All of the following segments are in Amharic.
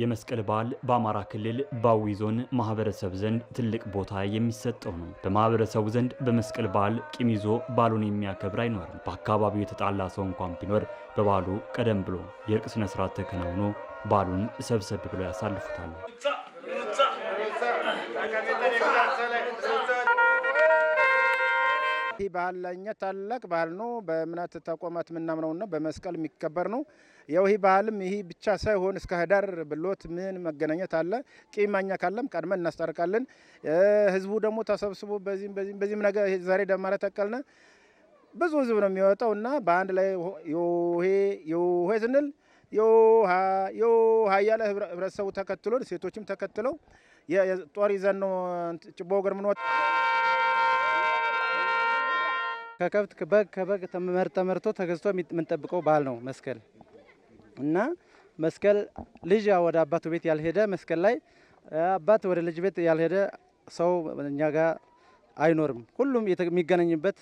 የመስቀል በዓል በአማራ ክልል ባዊ ዞን ማህበረሰብ ዘንድ ትልቅ ቦታ የሚሰጠው ነው። በማህበረሰቡ ዘንድ በመስቀል በዓል ቂም ይዞ በዓሉን የሚያከብር አይኖርም። በአካባቢው የተጣላ ሰው እንኳን ቢኖር በበዓሉ ቀደም ብሎ የእርቅ ስነ ስርዓት ተከናውኖ በዓሉን ሰብሰብ ብሎ ያሳልፉታል። ይህ ባህል ለእኛ ታላቅ ባህል ነው። በእምነት ተቋማት የምናምነውና በመስቀል የሚከበር ነው። ያው ይህ ባህልም ይህ ብቻ ሳይሆን እስከ ህዳር ብሎት ምን መገናኘት አለ ቂማኛ ካለም ቀድመን እናስታርቃለን። ህዝቡ ደግሞ ተሰብስቦ በዚህም በዚህም በዚህም ነገር ዛሬ ደመራ ተቀልነ ብዙ ህዝብ ነው የሚወጣው እና በአንድ ላይ ይሄ ይሄ ስንል ይሃ ይሃ እያለ ህብረተሰቡ ተከትሎን ሴቶችም ተከትለው ጦር ይዘን ነው ጭቦ ገር ምንወጣ ከከብት በግ ከበግ ተመርቶ ተገዝቶ የምንጠብቀው ባህል ነው መስቀል እና መስቀል ልጅ ወደ አባቱ ቤት ያልሄደ መስቀል ላይ አባት ወደ ልጅ ቤት ያልሄደ ሰው እኛ ጋር አይኖርም። ሁሉም የሚገናኝበት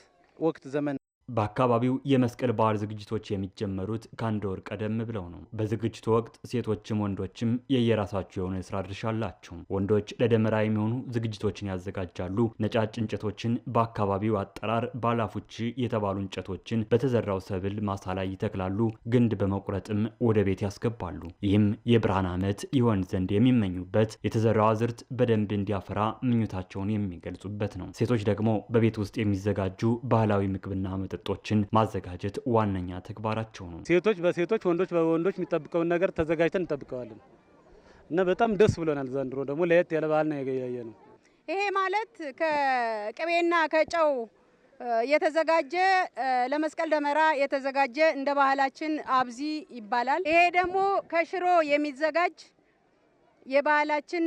ወቅት ዘመን በአካባቢው የመስቀል በዓል ዝግጅቶች የሚጀመሩት ከአንድ ወር ቀደም ብለው ነው። በዝግጅቱ ወቅት ሴቶችም ወንዶችም የየራሳቸው የሆነ የስራ ድርሻ አላቸው። ወንዶች ለደመራ የሚሆኑ ዝግጅቶችን ያዘጋጃሉ። ነጫጭ እንጨቶችን በአካባቢው አጠራር ባላፉች የተባሉ እንጨቶችን በተዘራው ሰብል ማሳ ላይ ይተክላሉ። ግንድ በመቁረጥም ወደ ቤት ያስገባሉ። ይህም የብርሃን ዓመት ይሆን ዘንድ የሚመኙበት፣ የተዘራው አዝርት በደንብ እንዲያፈራ ምኞታቸውን የሚገልጹበት ነው። ሴቶች ደግሞ በቤት ውስጥ የሚዘጋጁ ባህላዊ ምግብና መጠጦችን ማዘጋጀት ዋነኛ ተግባራቸው ነው። ሴቶች በሴቶች ወንዶች በወንዶች የሚጠብቀውን ነገር ተዘጋጅተን እንጠብቀዋለን እና በጣም ደስ ብሎናል። ዘንድሮ ደግሞ ለየት ያለ በዓል ነው የገያየ ነው። ይሄ ማለት ከቅቤና ከጨው የተዘጋጀ ለመስቀል ደመራ የተዘጋጀ እንደ ባህላችን አብዚ ይባላል። ይሄ ደግሞ ከሽሮ የሚዘጋጅ የባህላችን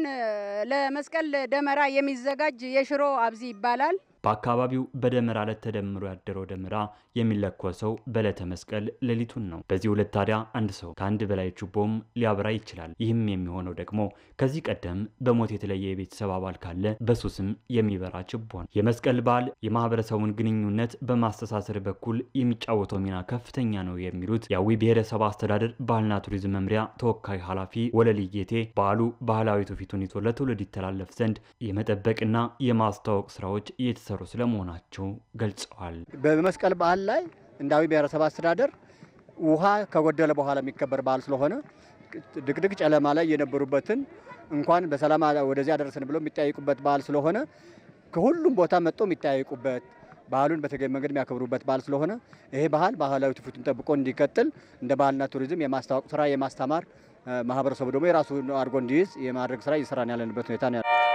ለመስቀል ደመራ የሚዘጋጅ የሽሮ አብዚ ይባላል። በአካባቢው በደመራ ዕለት ተደምሮ ያደረው ደመራ የሚለኮሰው በዕለተ መስቀል ሌሊቱን ነው። በዚህ ዕለት ታዲያ አንድ ሰው ከአንድ በላይ ችቦም ሊያበራ ይችላል። ይህም የሚሆነው ደግሞ ከዚህ ቀደም በሞት የተለየ የቤተሰብ አባል ካለ በሱ ስም የሚበራ ችቦ ነው። የመስቀል በዓል የማህበረሰቡን ግንኙነት በማስተሳሰር በኩል የሚጫወተው ሚና ከፍተኛ ነው የሚሉት የአዊ ብሔረሰብ አስተዳደር ባህልና ቱሪዝም መምሪያ ተወካይ ኃላፊ ወለልየቴ በዓሉ ባህላዊ ትውፊቱን ይዞ ለትውልድ ይተላለፍ ዘንድ የመጠበቅና የማስተዋወቅ ስራዎች የተ የተሰሩ ስለመሆናቸው ገልጸዋል። በመስቀል በዓል ላይ እንዳዊ ብሔረሰብ አስተዳደር ውሃ ከጎደለ በኋላ የሚከበር በዓል ስለሆነ ድቅድቅ ጨለማ ላይ የነበሩበትን እንኳን በሰላም ወደዚህ አደረሰን ብሎ የሚጠያይቁበት በዓል ስለሆነ ከሁሉም ቦታ መጥቶ የሚጠያይቁበት ባህሉን በተገቢ መንገድ የሚያከብሩበት በዓል ስለሆነ ይሄ ባህል ባህላዊ ትውፊቱን ጠብቆ እንዲቀጥል እንደ ባህልና ቱሪዝም የማስታወቅ ስራ የማስተማር ማህበረሰቡ ደግሞ የራሱ አድርጎ እንዲይዝ የማድረግ ስራ እየሰራን ያለንበት ሁኔታ ነው።